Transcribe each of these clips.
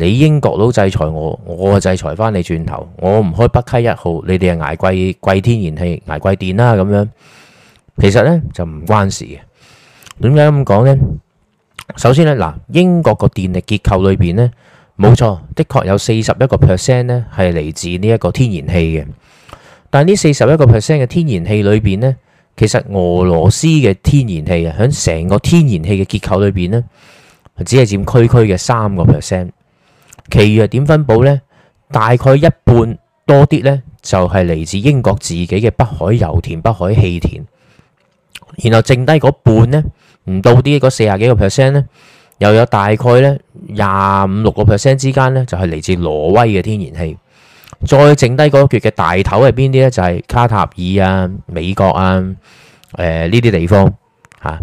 你英國佬制裁我，我制裁翻你轉頭。我唔開北溪一號，你哋係捱貴貴天然氣，捱貴電啦咁樣。其實呢，就唔關事嘅。點解咁講呢？首先呢，嗱，英國個電力結構裏邊呢，冇錯，的確有四十一個 percent 呢係嚟自呢一個天然氣嘅。但係呢四十一個 percent 嘅天然氣裏邊呢，其實俄羅斯嘅天然氣啊，喺成個天然氣嘅結構裏邊呢，只係佔區區嘅三個 percent。其餘係點分佈呢？大概一半多啲呢，就係嚟自英國自己嘅北海油田、北海氣田。然後剩低嗰半呢，唔到啲嗰四十幾個 percent 呢，又有大概呢，廿五六個 percent 之間呢，就係嚟自挪威嘅天然氣。再剩低嗰橛嘅大頭係邊啲呢？就係卡塔爾啊、美國啊、誒呢啲地方嚇。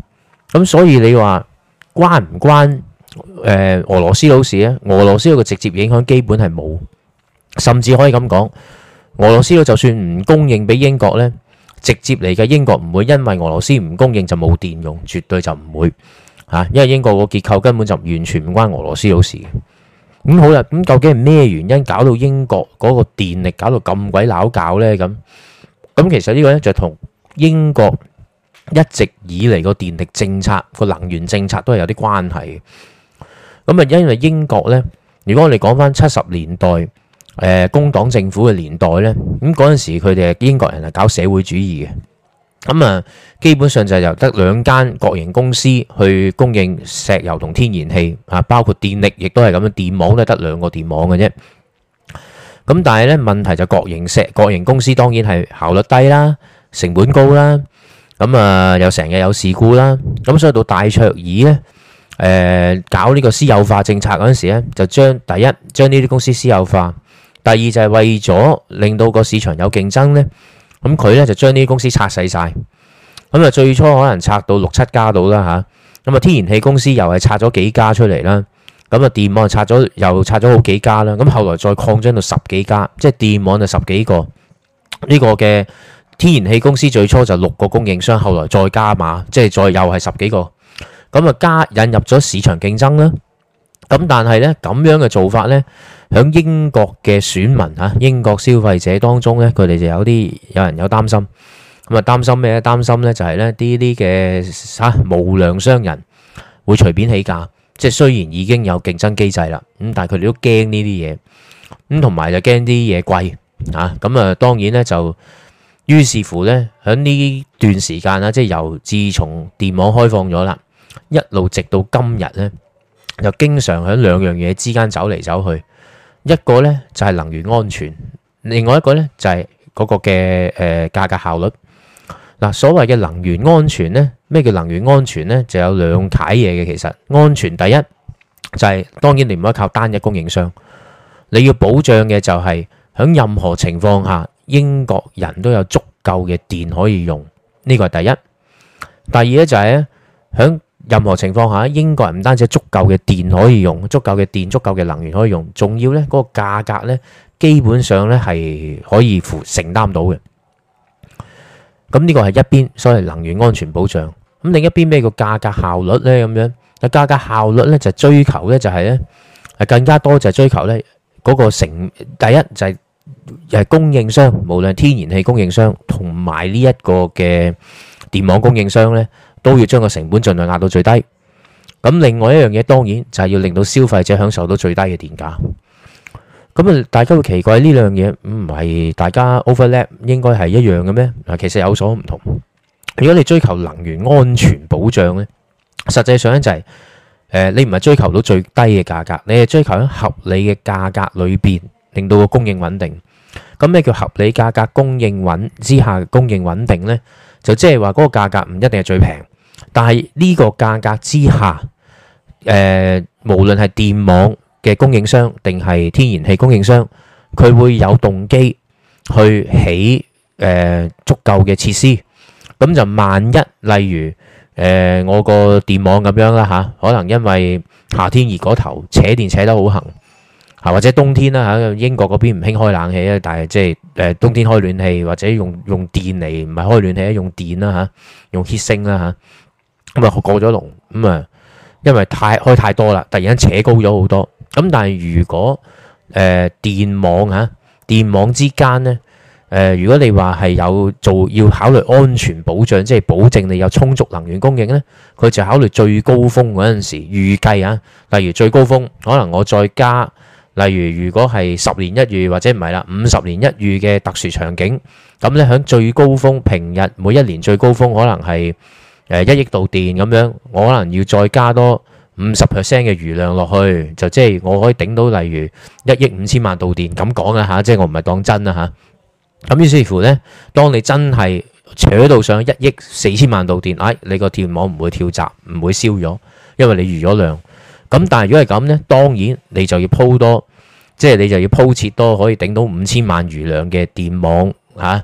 咁、啊、所以你話關唔關？誒、呃，俄羅斯老事咧，俄羅斯個直接影響基本係冇，甚至可以咁講，俄羅斯咧就算唔供應俾英國咧，直接嚟嘅，英國唔會因為俄羅斯唔供應就冇電用，絕對就唔會吓，因為英國個結構根本就完全唔關俄羅斯老事。咁好啦，咁、嗯、究竟係咩原因搞到英國嗰個電力搞到咁鬼鬧搞咧？咁咁其實個呢個咧就同英國一直以嚟個電力政策個能源政策都係有啲關係。咁啊，因為英國咧，如果我哋講翻七十年代，誒、工黨政府嘅年代咧，咁嗰陣時佢哋係英國人係搞社會主義嘅，咁啊，基本上就係由得兩間國營公司去供應石油同天然氣啊，包括電力亦都係咁樣，電網都係得兩個電網嘅啫。咁但係咧問題，就國營石國營公司當然係效率低啦，成本高啦，咁啊又成日有事故啦，咁所以到戴卓爾咧。誒、嗯、搞呢個私有化政策嗰陣時咧，就將第一將呢啲公司私有化，第二就係為咗令到個市場有競爭咧，咁佢咧就將呢啲公司拆細晒。咁啊最初可能拆到六七家度啦嚇，咁啊天然氣公司又係拆咗幾家出嚟啦，咁啊電網拆咗又拆咗好幾家啦，咁後來再擴張到十幾家，即係電網就十幾個呢、呢個嘅天然氣公司最初就六個供應商，後來再加碼，即係再又係十幾個。咁啊，加引入咗市場競爭啦。咁但係咧，咁樣嘅做法咧，響英國嘅選民啊、英國消費者當中咧，佢哋就有啲有人有擔心。咁啊，擔心咩？擔心咧就係咧啲啲嘅嚇無良商人會隨便起價，即係雖然已經有競爭機制啦，咁但係佢哋都驚呢啲嘢，咁同埋就驚啲嘢貴啊。咁啊，當然咧就於是乎咧，響呢段時間啦，即係由自從電網開放咗啦。一路直到今日咧，就經常喺兩樣嘢之間走嚟走去。一個咧就係能源安全，另外一個咧就係嗰個嘅誒價格效率。嗱，所謂嘅能源安全咧，咩叫能源安全咧？就有兩睇嘢嘅。其實安全第一就係當然你唔可以靠單一供應商，你要保障嘅就係喺任何情況下英國人都有足夠嘅電可以用。呢個係第一。第二咧就係咧喺。任何情況下，英國人唔單止足夠嘅電可以用，足夠嘅電、足夠嘅能源可以用，仲要咧嗰個價格呢，基本上呢係可以負承擔到嘅。咁呢個係一邊，所謂能源安全保障。咁另一邊咩叫價格效率呢？咁樣，個價格效率呢就係追求呢，就係呢係更加多就係追求呢嗰個成第一就係誒供應商，無論天然氣供應商同埋呢一個嘅電網供應商呢，都要將個成本盡量壓到最低。咁另外一樣嘢，當然就係要令到消費者享受到最低嘅電價。咁啊，大家會奇怪，呢樣嘢唔係大家 overlap 應該係一樣嘅咩？嗱，其實有所唔同。如果你追求能源安全保障咧，實際上咧就係誒你唔係追求到最低嘅價格，你係追求喺合理嘅價格裏邊，令到個供應穩定。咁咩叫合理價格供應穩之下供應穩定咧？就即係話嗰個價格唔一定係最平。但係呢個價格之下，誒、呃，無論係電網嘅供應商定係天然氣供應商，佢會有動機去起誒、呃、足夠嘅設施。咁就萬一例如誒、呃、我個電網咁樣啦吓、啊，可能因為夏天熱嗰頭扯電扯得好行吓、啊，或者冬天啦吓、啊，英國嗰邊唔興開冷氣啊，但係即係誒冬天開暖氣或者用用電嚟，唔係開暖氣啊，用電啦吓，用 heating 啦吓。咁啊，過咗龍咁啊，因為太開太多啦，突然間扯高咗好多。咁但係如果誒電網啊，電網之間咧誒，如果你話係有做要考慮安全保障，即係保證你有充足能源供應咧，佢就考慮最高峰嗰陣時預計啊。例如最高峰，可能我再加，例如如果係十年一遇或者唔係啦，五十年一遇嘅特殊場景，咁咧喺最高峰平日每一年最高峰可能係。誒一億度電咁樣，我可能要再加多五十 percent 嘅餘量落去，就即係我可以頂到，例如一億五千萬度電咁講啦吓，即係我唔係當真啦嚇。咁、啊、於是乎呢，當你真係扯到上一億四千萬度電，哎，你個電網唔會跳閘，唔會燒咗，因為你餘咗量。咁但係如果係咁呢，當然你就要鋪多，即、就、係、是、你就要鋪設多可以頂到五千萬餘量嘅電網嚇。啊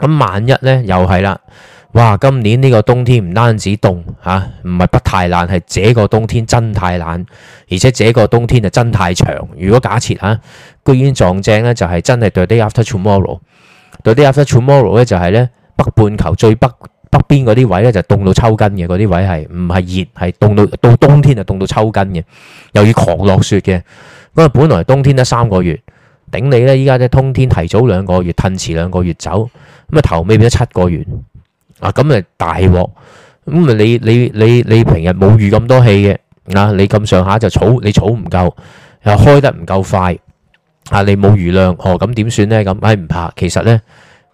咁萬一咧，又係啦！哇，今年呢個冬天唔單止凍嚇，唔、啊、係不，不太冷，係這個冬天真太冷，而且這個冬天就真太長。如果假設嚇、啊，居然撞正咧，就係真係到 The Day After Tomorrow，到 The Day After Tomorrow 咧就係咧北半球最北北邊嗰啲位咧就凍到抽筋嘅，嗰啲位係唔係熱係凍到到冬天就凍到抽筋嘅，又要狂落雪嘅，因為本來冬天得三個月。頂你咧！依家即通天提早兩個月，褪遲兩個月走咁啊，頭尾變咗七個月啊！咁咪大鑊，咁咪你你你你平日冇預咁多氣嘅啊？你咁上下就儲，你儲唔夠又開得唔夠快啊？你冇餘量哦，咁點算咧？咁唉唔怕，其實咧，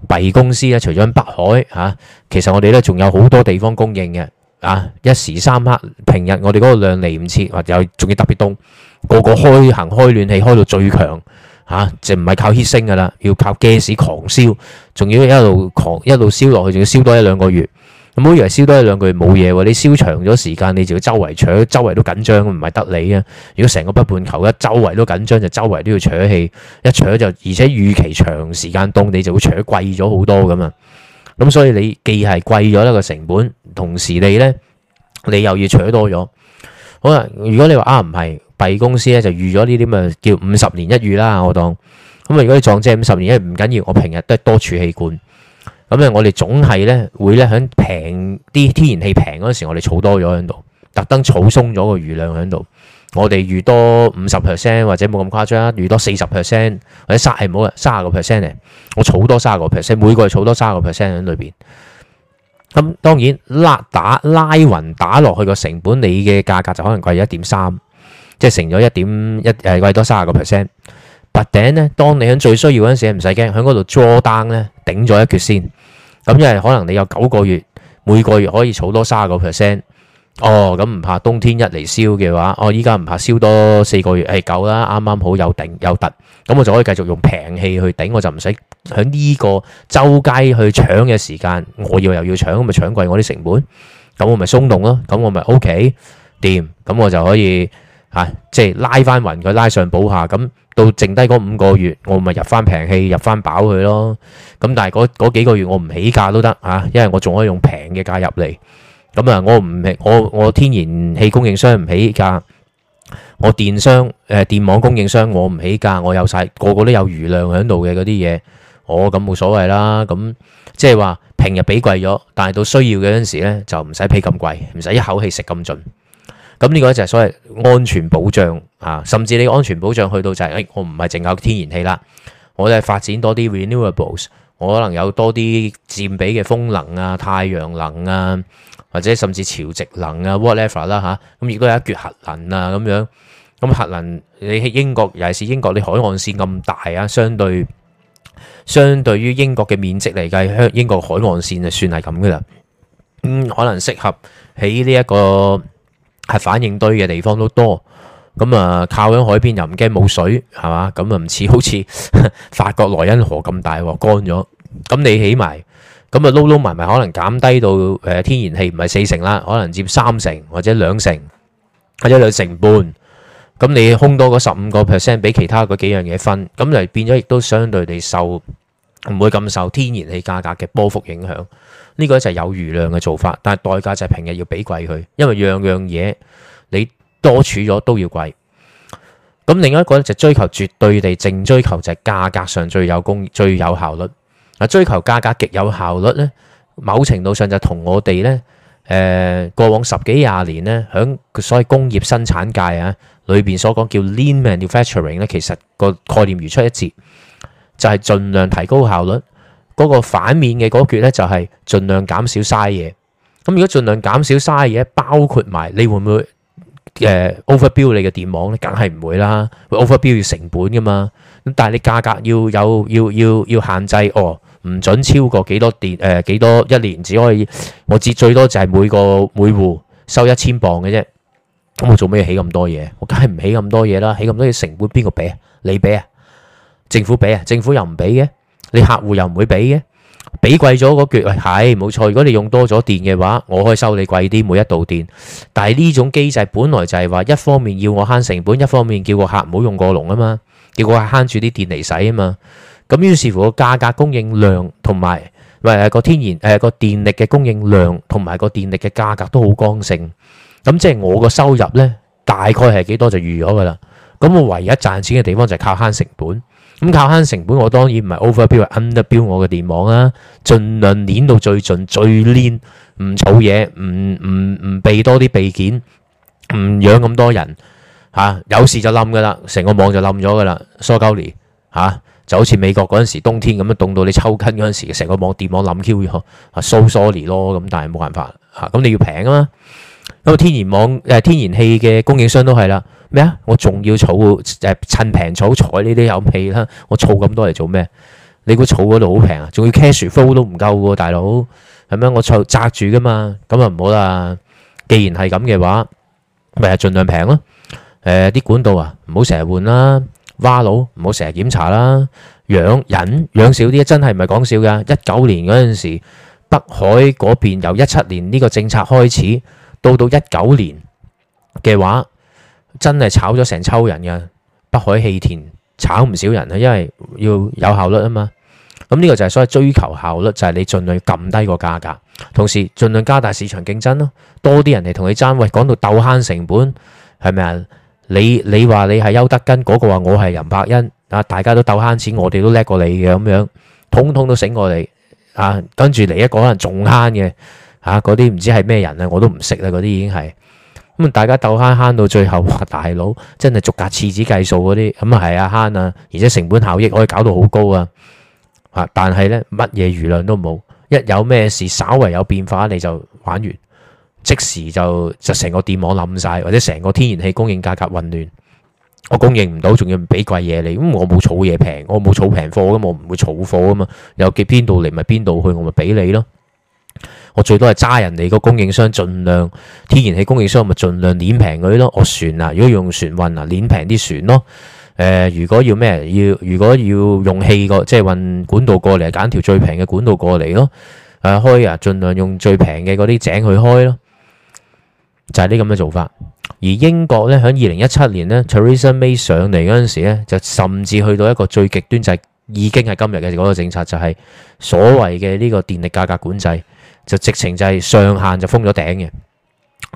弊公司咧，除咗喺北海嚇，啊，其實我哋咧仲有好多地方供應嘅啊！一時三刻平日我哋嗰個量嚟唔切，或又仲要特別凍，個個開行開暖氣開到最強。吓、啊，就唔係靠 heat 升噶啦，要靠 gas 狂燒，仲要一路狂一路燒落去，仲要燒多一兩個月。咁唔好以為燒多一兩個月冇嘢喎，你燒長咗時間，你就要周圍搶，周圍都緊張，唔係得你啊。如果成個北半球一周圍都緊張，就周圍都要搶氣，一搶就而且預期長時間凍，你就會搶貴咗好多噶嘛。咁所以你既係貴咗一個成本，同時你咧你又要搶多咗。好啦，如果你話啊唔係。弊公司咧就預咗呢啲咁嘅叫五十年一遇啦。我當咁啊，如果你撞正五十年一遇，唔緊要。我平日都係多儲氣罐咁咧。我哋總係咧會咧喺平啲天然氣平嗰時，我哋儲多咗喺度，特登儲鬆咗個餘量喺度。我哋預多五十 percent 或者冇咁誇張啊，預多四十 percent 或者卅係冇，好啦，卅個 percent 嘅我儲多卅個 percent，每個月儲多卅個 percent 喺裏邊。咁當然拉打拉勻打落去個成本，你嘅價格就可能貴一點三。即係成咗一點一誒貴多三十個 percent，拔頂咧。當你喺最需要嗰陣時，唔使驚，喺嗰度 draw down 咧，頂咗一缺先。咁因為可能你有九個月，每個月可以儲多三十個 percent。哦，咁唔怕冬天一嚟燒嘅話，哦，依家唔怕燒多四個月，係夠啦，啱啱好有頂有突咁，我就可以繼續用平氣去頂，我就唔使喺呢個周街去搶嘅時間，我以為又要搶，咁咪搶貴我啲成本，咁我咪鬆動咯。咁我咪 O K 掂，咁我就可以。啊，即係拉翻勻佢，拉上補下，咁到剩低嗰五個月，我咪入翻平氣，入翻飽佢咯。咁但係嗰嗰幾個月我唔起價都得啊，因為我仲可以用平嘅價入嚟。咁啊，我唔係我我天然氣供應商唔起價，我電商誒、呃、電網供應商我唔起價，我有晒個個都有餘量喺度嘅嗰啲嘢，我咁冇所謂啦。咁即係話平日俾貴咗，但係到需要嘅嗰陣時咧，就唔使俾咁貴，唔使一口氣食咁盡。咁呢個就係所謂安全保障啊！甚至你安全保障去到就係、是，誒、哎，我唔係淨靠天然氣啦，我哋發展多啲 renewables，我可能有多啲佔比嘅風能啊、太陽能啊，或者甚至潮汐能啊，whatever 啦、啊、嚇，咁、啊、亦都有一掘核能啊咁樣。咁、啊、核能你喺英國，尤其是英國，啲海岸線咁大啊，相對相對於英國嘅面積嚟計，香英國海岸線就算係咁噶啦，嗯，可能適合喺呢一個，係反應堆嘅地方都多，咁啊靠響海邊又唔驚冇水，係嘛？咁啊唔似好似 法國萊茵河咁大喎，乾咗。咁你起埋，咁啊撈撈埋埋，可能減低到誒天然氣唔係四成啦，可能佔三成或者兩成，或者兩成半。咁你空多嗰十五個 percent 俾其他嗰幾樣嘢分，咁就變咗亦都相對地受唔會咁受天然氣價格嘅波幅影響。呢個就係有餘量嘅做法，但係代價就係平日要畀貴佢，因為樣樣嘢你多儲咗都要貴。咁另一個咧，就追求絕對地淨追求就係價格上最有功最有效率。啊，追求價格極有效率咧，某程度上就同我哋咧誒過往十幾廿年咧，響所謂工業生產界啊裏邊所講叫 lean manufacturing 咧，其實個概念如出一轍，就係、是、盡量提高效率。嗰個反面嘅嗰橛咧就係盡量減少嘥嘢。咁如果盡量減少嘥嘢，包括埋你會唔會誒 over bill 你嘅電網咧？梗係唔會啦，over bill 要成本㗎嘛。咁但係你價格要有要要要限制，哦，唔準超過幾多電誒幾多一年只可以，我知最多就係每個每戶收一千磅嘅啫。咁我做咩起咁多嘢？我梗係唔起咁多嘢啦，起咁多嘢成本邊個俾？你俾啊？政府俾啊？政府又唔俾嘅。你客戶又唔會俾嘅，俾貴咗嗰橛，係冇錯。如果你用多咗電嘅話，我可以收你貴啲每一度電。但係呢種機制本來就係話，一方面要我慳成本，一方面叫個客唔好用過龍，啊嘛，叫個客慳住啲電嚟使啊嘛。咁於是乎個價格供應量同埋，喂，係個天然誒個、呃、電力嘅供應量同埋個電力嘅價格都好剛性。咁即係我個收入呢，大概係幾多就預咗噶啦。咁我唯一賺錢嘅地方就係靠慳成本。咁靠慳成本，我當然唔係 over 標，係 under 標我嘅電網啦，盡量捻到最盡，最攣，唔儲嘢，唔唔唔備多啲備件，唔養咁多人，嚇、啊、有事就冧噶啦，成個網就冧咗噶啦，疏溝裂嚇，就好似美國嗰陣時冬天咁樣，凍到你抽筋嗰陣時，成個網電網冧 Q 咗，啊疏疏裂咯，咁但係冇辦法嚇，咁你要平啊嘛，咁天然網誒、啊、天然氣嘅供應商都係啦。咩啊？我仲要儲誒，趁平儲采呢啲有氣啦。我儲咁多嚟做咩？你估儲嗰度好平啊，仲要 cash flow 都唔夠噶，大佬係咩？我儲扎住噶嘛，咁啊唔好啦。既然係咁嘅話，咪係盡量平咯。誒、呃，啲管道啊，唔好成日換啦。蛙佬唔好成日檢查啦。養人，養少啲，真係唔係講笑噶。一九年嗰陣時，北海嗰邊由一七年呢個政策開始到到一九年嘅話。真係炒咗成抽人嘅，北海氣田炒唔少人啦，因為要有效率啊嘛。咁、這、呢個就係所謂追求效率就係、是、你盡量撳低個價格，同時盡量加大市場競爭咯，多啲人嚟同你爭。喂，講到鬥慳成本係咪啊？你你話你係邱德根，嗰、那個話我係任伯恩，啊，大家都鬥慳錢，我哋都叻過你嘅咁樣，通通都醒過嚟啊！跟住嚟一個可能仲慳嘅吓，嗰啲唔知係咩人啊，我都唔識啦，嗰啲已經係。咁大家鬥慳慳到最後，大佬真係逐格廁紙計數嗰啲，咁啊係啊，慳啊！而且成本效益可以搞到好高啊！啊！但係呢，乜嘢餘量都冇，一有咩事稍為有變化，你就玩完，即時就就成個電網冧晒，或者成個天然氣供應價格混亂，我供應唔到，仲要唔俾貴嘢你，咁我冇儲嘢平，我冇儲平貨，咁我唔會儲貨啊嘛，又結邊度嚟咪邊度去，我咪俾你咯。我最多係揸人哋個供應商，儘量天然氣供應商咪儘量攣平佢咯。我船啊，如果用船運啊，攣平啲船咯。誒，如果要咩、呃、要，要，如果要用氣過，即係運管道過嚟，揀條最平嘅管道過嚟咯。誒、呃，開啊，儘量用最平嘅嗰啲井去開咯。就係呢咁嘅做法。而英國咧，喺二零一七年呢 Theresa May 上嚟嗰陣時咧，就甚至去到一個最極端，就係、是、已經係今日嘅嗰個政策，就係、是、所謂嘅呢個電力價格管制。就直情就係上限就封咗頂嘅。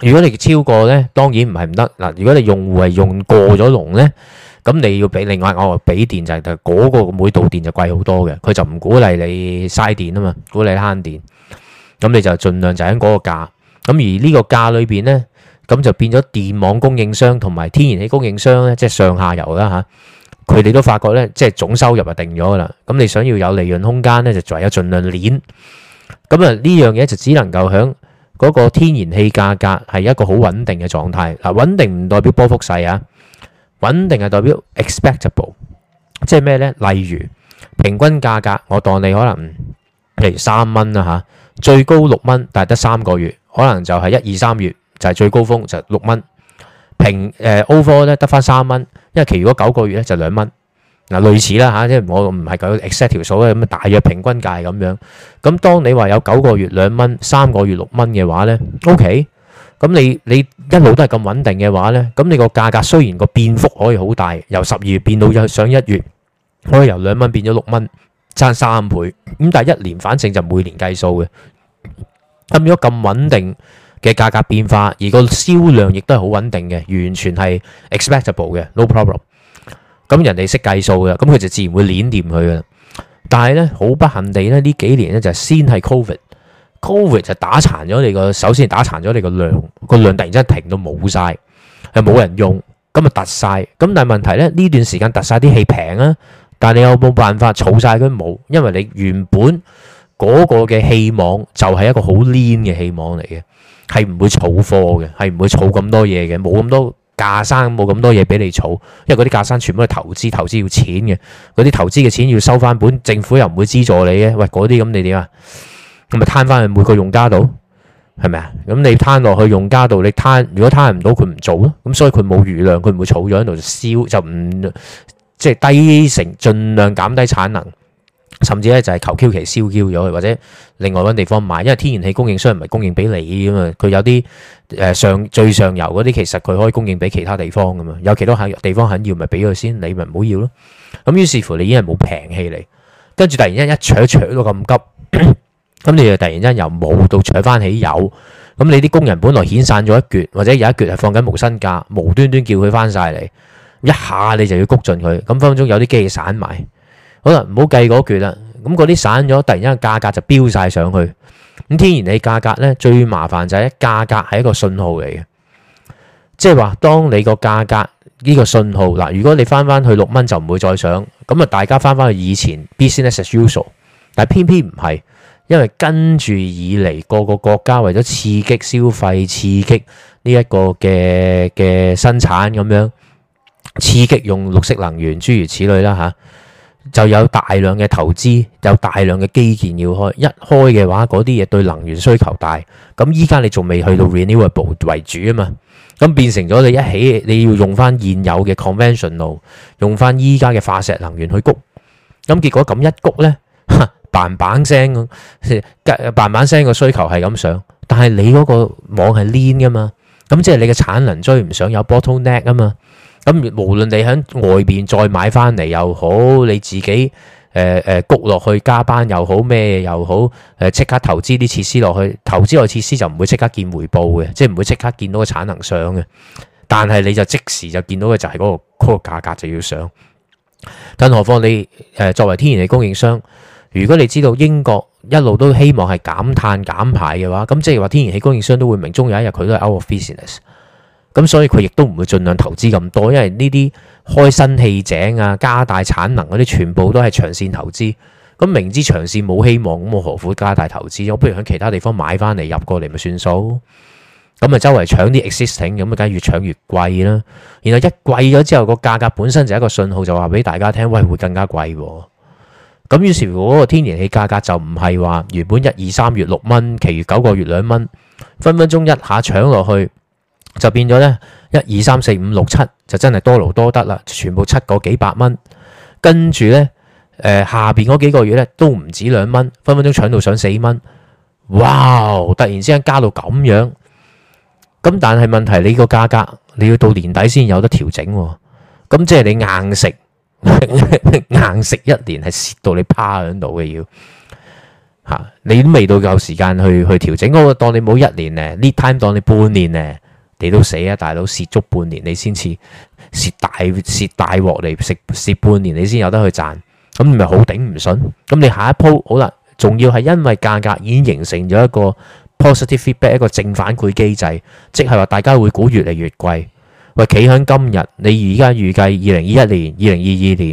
如果你超過咧，當然唔係唔得嗱。如果你用戶係用過咗龍咧，咁你要俾另外哦俾電就係嗰個每度電就貴好多嘅。佢就唔鼓勵你嘥電啊嘛，鼓勵你慳電。咁你就儘量就喺嗰個價。咁而呢個價裏邊咧，咁就變咗電網供應商同埋天然氣供應商咧，即係上下游啦嚇。佢哋都發覺咧，即係總收入就定咗噶啦。咁你想要有利潤空間咧，就唯有儘量攣。咁啊呢樣嘢就只能夠響嗰個天然氣價格係一個好穩定嘅狀態。嗱，穩定唔代表波幅細啊，穩定係代表 expectable，即係咩呢？例如平均價格，我當你可能譬如三蚊啊，嚇，最高六蚊，但係得三個月，可能就係一二三月就係最高峰就六蚊，平誒 over 咧得翻三蚊，因為其餘九個月咧就兩蚊。嗱，類似啦嚇，即係我唔係講 exact 條數咧，咁大約平均價係咁樣。咁當你話有九個月兩蚊，三個月六蚊嘅話咧，OK。咁你你一路都係咁穩定嘅話咧，咁你個價格雖然個變幅可以好大，由十二月變到又上一月，可以由兩蚊變咗六蚊，差三倍。咁但係一年，反正就每年計數嘅。咁如果咁穩定嘅價格變化，而個銷量亦都係好穩定嘅，完全係 expectable 嘅，no problem。咁人哋識計數嘅，咁佢就自然會攣掂佢嘅。但係咧，好不幸地咧，呢幾年咧就先係 Covid，Covid 就打殘咗你個首先打殘咗你個量，個量突然之間停到冇晒，係冇人用，咁啊突晒。咁但係問題咧，呢段時間突晒啲氣平啊，但係你有冇辦法儲晒佢冇？因為你原本嗰個嘅氣網就係一個好攣嘅氣網嚟嘅，係唔會儲貨嘅，係唔會儲咁多嘢嘅，冇咁多。架生冇咁多嘢俾你儲，因為嗰啲架生全部係投資，投資要錢嘅，嗰啲投資嘅錢要收翻本，政府又唔會資助你嘅，喂，嗰啲咁你點啊？咁咪攤翻去每個用家度，係咪啊？咁你攤落去用家度，你攤如果攤唔到佢唔做咯，咁所以佢冇餘量，佢唔會儲咗喺度，燒就唔即係低成，盡量減低產能。甚至咧就係求 Q 期燒 Q 咗去，或者另外揾地方買，因為天然氣供應商唔係供應俾你噶嘛，佢有啲誒上最上游嗰啲，其實佢可以供應俾其他地方噶嘛，有其他地方肯，地方肯要咪俾佢先，你咪唔好要咯。咁於是乎你已經係冇平氣嚟，跟住突然間一搶搶到咁急，咁 你就突然間由冇到搶翻起有，咁你啲工人本來遣散咗一橛，或者有一橛係放緊無薪假，無端端叫佢翻晒嚟，一下你就要谷盡佢，咁分分鐘有啲機器散埋。好啦，唔好計嗰橛啦。咁嗰啲散咗，突然之間價格就飆晒上去。咁天然氣價格呢，最麻煩就係價格係一個信號嚟嘅，即係話當你個價格呢個信號嗱，如果你翻翻去六蚊就唔會再上咁啊。大家翻翻去以前 business as usual，但偏偏唔係，因為跟住以嚟各個國家為咗刺激消費、刺激呢一個嘅嘅生產，咁樣刺激用綠色能源，諸如此類啦嚇。就有大量的投資，有大量的基建要開，一開嘅話，嗰啲嘢對能源需求大。咁依家你仲未去到 renewable 為主啊嘛？咁變成咗你一起，你要用翻現有嘅 conventional 路，用翻依家嘅化石能源去谷。咁結果咁一谷咧，嘭嘭聲咁，嘭嘭聲個需求係咁上，但係你嗰個網係 lean 噶嘛？咁即係你嘅產能追唔上，有 bottleneck 啊嘛？咁無論你喺外邊再買翻嚟又好，你自己誒誒谷落去加班又好咩又好，誒、呃、即刻投資啲設施落去，投資個設施就唔會即刻見回報嘅，即係唔會即刻見到個產能上嘅。但係你就即時就見到嘅就係嗰個嗰個價格就要上。更何況你誒、呃、作為天然氣供應商，如果你知道英國一路都希望係減碳減排嘅話，咁即係話天然氣供應商都會明，終有一日佢都係 out of business。咁所以佢亦都唔會盡量投資咁多，因為呢啲開新氣井啊、加大產能嗰啲，全部都係長線投資。咁明知長線冇希望，咁我何苦加大投資？我不如喺其他地方買翻嚟入過嚟咪算數。咁啊，周圍搶啲 existing，咁啊，梗係越搶越貴啦。然後一貴咗之後，個價格本身就係一個信號，就話俾大家聽，喂，會更加貴。咁於是乎嗰個天然氣價格就唔係話原本一二三月六蚊，其餘九個月兩蚊，分分鐘一下搶落去。就變咗咧，一二三四五六七就真係多勞多得啦，全部出個幾百蚊。跟住咧，誒、呃、下邊嗰幾個月咧都唔止兩蚊，分分鐘搶到上四蚊。哇！突然之間加到咁樣，咁但係問題你個價格你要到年底先有得調整，咁即係你硬食 硬食一年係蝕到你趴喺度嘅，要吓，你都未到夠時間去去調整。我當你冇一年呢，呢 time，當你半年呢。你都死啊，大佬蝕足半年你，你先至蝕大蝕大鑊嚟蝕蝕半年，你先有得去賺，咁你咪好頂唔順？咁你下一鋪好啦，仲要係因為價格已經形成咗一個 positive feedback，一個正反饋機制，即係話大家會估越嚟越貴。喂，企喺今日，你而家預計二零二一年、二零二二年、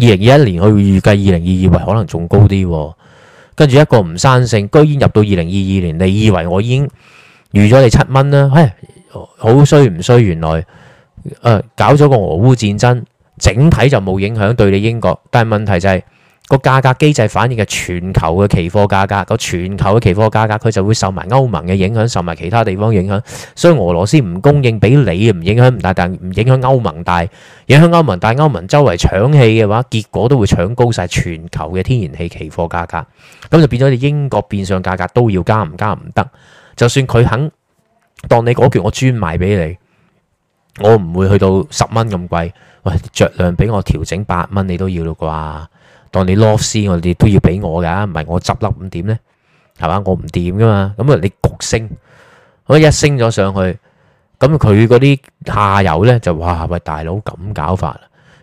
二零二一年，我預計二零二二年可能仲高啲。跟住一個唔生性，居然入到二零二二年，你以為我已經？預咗你七蚊啦，嘿、哎，好衰唔衰？原來誒、啊，搞咗個俄烏戰爭，整體就冇影響對你英國。但係問題就係、個價格機制反映嘅全球嘅期貨價格，個全球嘅期貨價格佢就會受埋歐盟嘅影響，受埋其他地方影響。所以俄羅斯唔供應俾你唔影響唔大，但唔影響歐盟大，但影響歐盟大。歐盟周圍搶氣嘅話，結果都會搶高晒全球嘅天然氣期貨價格，咁就變咗你英國變相價格都要加唔加唔得。就算佢肯當你嗰件我專賣俾你，我唔會去到十蚊咁貴。喂，著量俾我調整八蚊，你都要嘞啩？當你 loss 我哋都要俾我噶，唔係我執笠咁點咧？係嘛？我唔掂噶嘛？咁啊，你焗升，我一升咗上去，咁佢嗰啲下游咧，就哇喂，大佬咁搞法。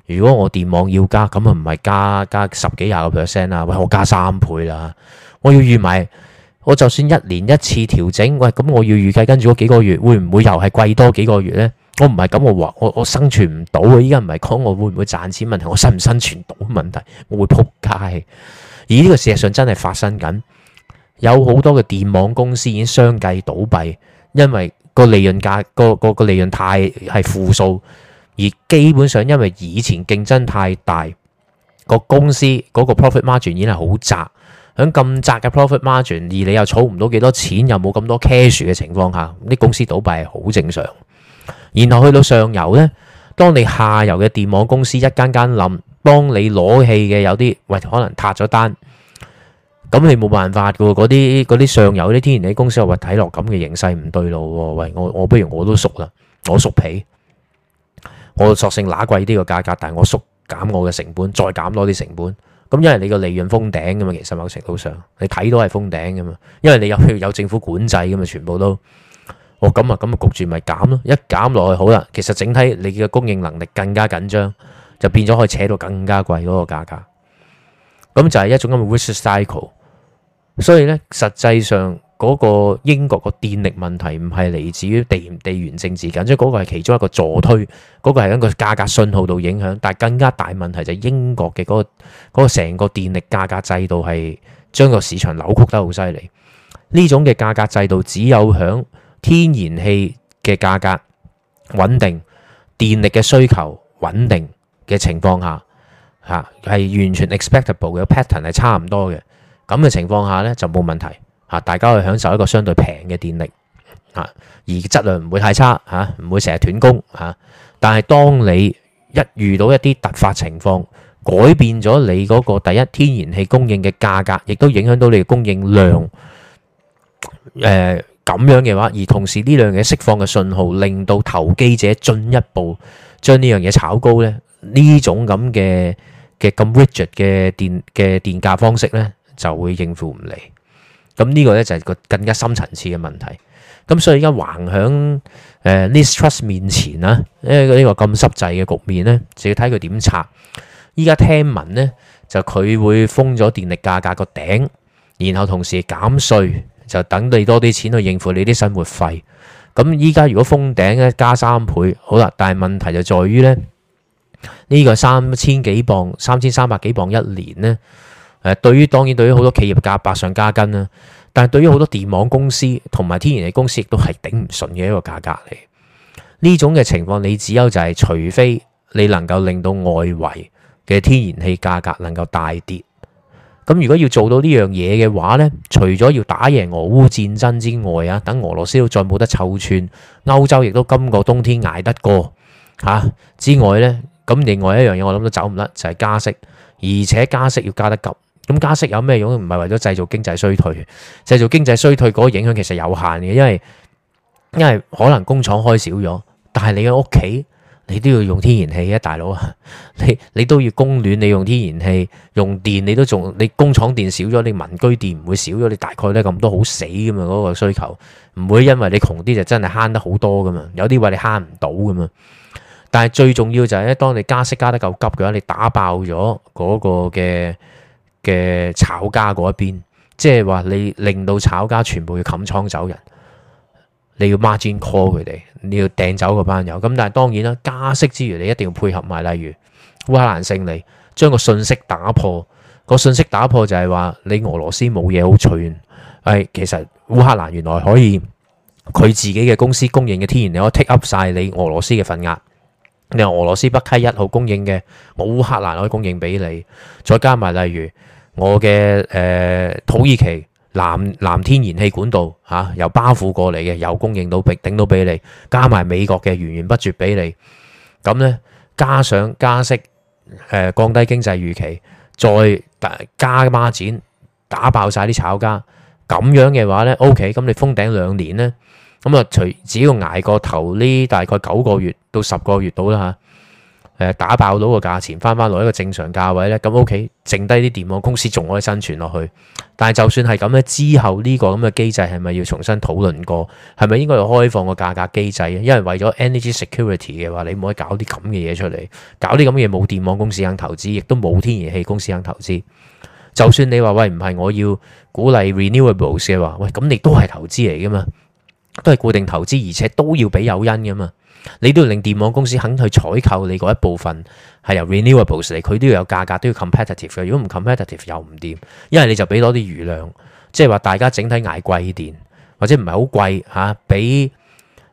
如果我電網要加，咁啊唔係加加十幾廿個 percent 啦，喂，我加三倍啦，我要預埋。我就算一年一次調整，喂，咁我要預計跟住嗰幾個月會唔會又係貴多幾個月呢？我唔係咁，我話我我生存唔到啊！依家唔係講我會唔會賺錢問題，我生唔生存到問題，我會仆街。而呢個事實上真係發生緊，有好多嘅電網公司已經相繼倒閉，因為個利潤價個個個利潤太係負數，而基本上因為以前競爭太大，個公司嗰個 profit margin 已經係好窄。喺咁窄嘅 profit margin，而你又儲唔到幾多錢，又冇咁多 cash 嘅情況下，啲公司倒閉係好正常。然後去到上游呢，當你下游嘅電網公司一間間冧，幫你攞氣嘅有啲，喂，可能塌咗單，咁你冇辦法㗎。嗰啲嗰啲上游啲天然氣公司又話睇落咁嘅形勢唔對路，喂，我我不如我都縮啦，我縮皮，我索性揦貴啲個價格，但係我縮減我嘅成本，再減多啲成本。咁因為你個利潤封頂噶嘛，其實某程度上你睇到係封頂噶嘛，因為你入去有政府管制噶嘛，全部都哦咁啊咁啊焗住咪減咯，一減落去好啦，其實整體你嘅供應能力更加緊張，就變咗可以扯到更加貴嗰個價格，咁就係一種咁嘅 vicious cycle，所以咧實際上。嗰個英國個電力問題唔係嚟自於地地緣政治緊，即係嗰個係其中一個助推，嗰、嗰個係喺個價格信號度影響。但係更加大問題，就英國嘅嗰、嗰個成、嗰個電力價格制度係將個市場扭曲得好犀利。呢種嘅價格制度只有響天然氣嘅價格穩定、電力嘅需求穩定嘅情況下，嚇係完全 expectable 嘅 pattern 係差唔多嘅咁嘅情況下呢，就冇問題。啊！大家去享受一個相對平嘅電力啊，而質量唔會太差嚇，唔會成日斷供嚇。但係當你一遇到一啲突發情況，改變咗你嗰個第一天然氣供應嘅價格，亦都影響到你嘅供應量。誒，咁樣嘅話，而同時呢樣嘢釋放嘅信號，令到投機者進一步將呢樣嘢炒高咧，呢種咁嘅嘅咁 rigid 嘅電嘅電價方式呢，就會應付唔嚟。咁呢個咧就係個更加深層次嘅問題。咁所以而家橫喺 Liz Truss 面前啊，呢個咁濕滯嘅局面呢就要睇佢點拆。依家聽聞呢，就佢會封咗電力價格個頂，然後同時減稅，就等你多啲錢去應付你啲生活費。咁依家如果封頂咧加三倍，好啦，但係問題就在於呢，呢、呢個三千幾磅、三千三百幾磅一年呢。誒，對於當然對於好多企業家百上加斤啦，但係對於好多電網公司同埋天然氣公司亦都係頂唔順嘅一個價格嚟。呢種嘅情況，你只有就係、是、除非你能夠令到外圍嘅天然氣價格能夠大跌。咁如果要做到呢樣嘢嘅話呢，除咗要打贏俄烏戰爭之外啊，等俄羅斯都再冇得湊串，歐洲亦都今個冬天捱得過吓、啊、之外呢，咁另外一樣嘢我諗都走唔甩就係、是、加息，而且加息要加得急。咁加息有咩用？唔係為咗製造經濟衰退，製造經濟衰退嗰個影響其實有限嘅，因為因為可能工廠開少咗，但係你嘅屋企你都要用天然氣啊，大佬啊，你你都要供暖，你用天然氣用電，你都仲你工廠電少咗，你民居電唔會少咗，你大概都咁多好死咁嘛，嗰個需求唔會因為你窮啲就真係慳得好多噶嘛。有啲話你慳唔到噶嘛。但係最重要就係咧，當你加息加得夠急嘅話，你打爆咗嗰個嘅。嘅炒家嗰一邊，即係話你令到炒家全部要冚倉走人，你要 margin call 佢哋，你要掟走個班友。咁但係當然啦，加息之餘你一定要配合埋，例如烏克蘭勝利，將個信息打破，個信息打破就係話你俄羅斯冇嘢好脆。係、哎、其實烏克蘭原來可以佢自己嘅公司供應嘅天然你可以 take up 晒你俄羅斯嘅份額。你話俄羅斯北溪一號供應嘅，我烏克蘭可以供應俾你，再加埋例如。我嘅誒土耳其藍藍天然氣管道嚇、啊、由巴庫過嚟嘅油供應到頂頂到俾你，加埋美國嘅源源不絕俾你，咁呢，加上加息誒、呃、降低經濟預期，再加孖展打爆晒啲炒家，咁樣嘅話呢 OK，咁你封頂兩年呢，咁啊除只要捱過頭呢大概九個月到十個月到啦嚇。誒，打爆到個價錢，翻翻落，一個正常價位呢咁 OK，剩低啲電網公司仲可以生存落去。但係就算係咁呢，之後呢個咁嘅機制係咪要重新討論過？係咪應該要開放個價格機制啊？因為為咗 energy security 嘅話，你唔可以搞啲咁嘅嘢出嚟，搞啲咁嘢冇電網公司肯投資，亦都冇天然氣公司肯投資。就算你話喂唔係，我要鼓勵 renewables 嘅話，喂咁你都係投資嚟噶嘛，都係固定投資，而且都要俾誘因噶嘛。你都要令電網公司肯去採購你嗰一部分係由 renewables 嚟，佢都要有價格都要 competitive 嘅。如果唔 competitive 又唔掂，因為你就俾多啲餘量，即係話大家整體捱貴電或者唔係好貴嚇，啊，比誒、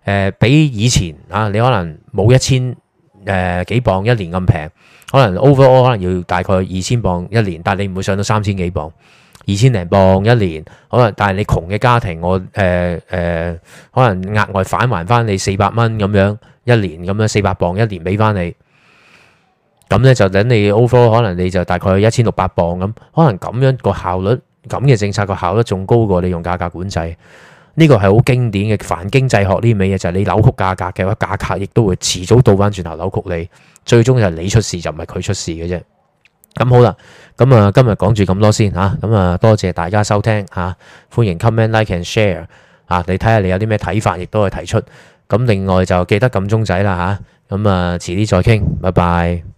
呃、比以前啊，你可能冇一千誒幾磅一年咁平，可能 overall 可能要大概二千磅一年，但係你唔會上到三千幾磅。二千零磅一年，可能但係你窮嘅家庭我，我誒誒可能額外返還翻你四百蚊咁樣一年咁樣，四百磅一年俾翻你。咁咧就等你 over，可能你就大概一千六百磅咁，可能咁樣個效率咁嘅政策個效率仲高過你用價格管制，呢個係好經典嘅凡經濟學呢味嘢就係你扭曲價格嘅話，價格亦都會遲早倒翻轉頭扭曲你，最終就係你出事就唔係佢出事嘅啫。咁好啦，咁啊今日講住咁多先嚇，咁啊多謝大家收聽嚇，歡迎 comment like and share 嚇，你睇下你有啲咩睇法，亦都可以提出。咁另外就記得撳鐘仔啦嚇，咁啊遲啲再傾，拜拜。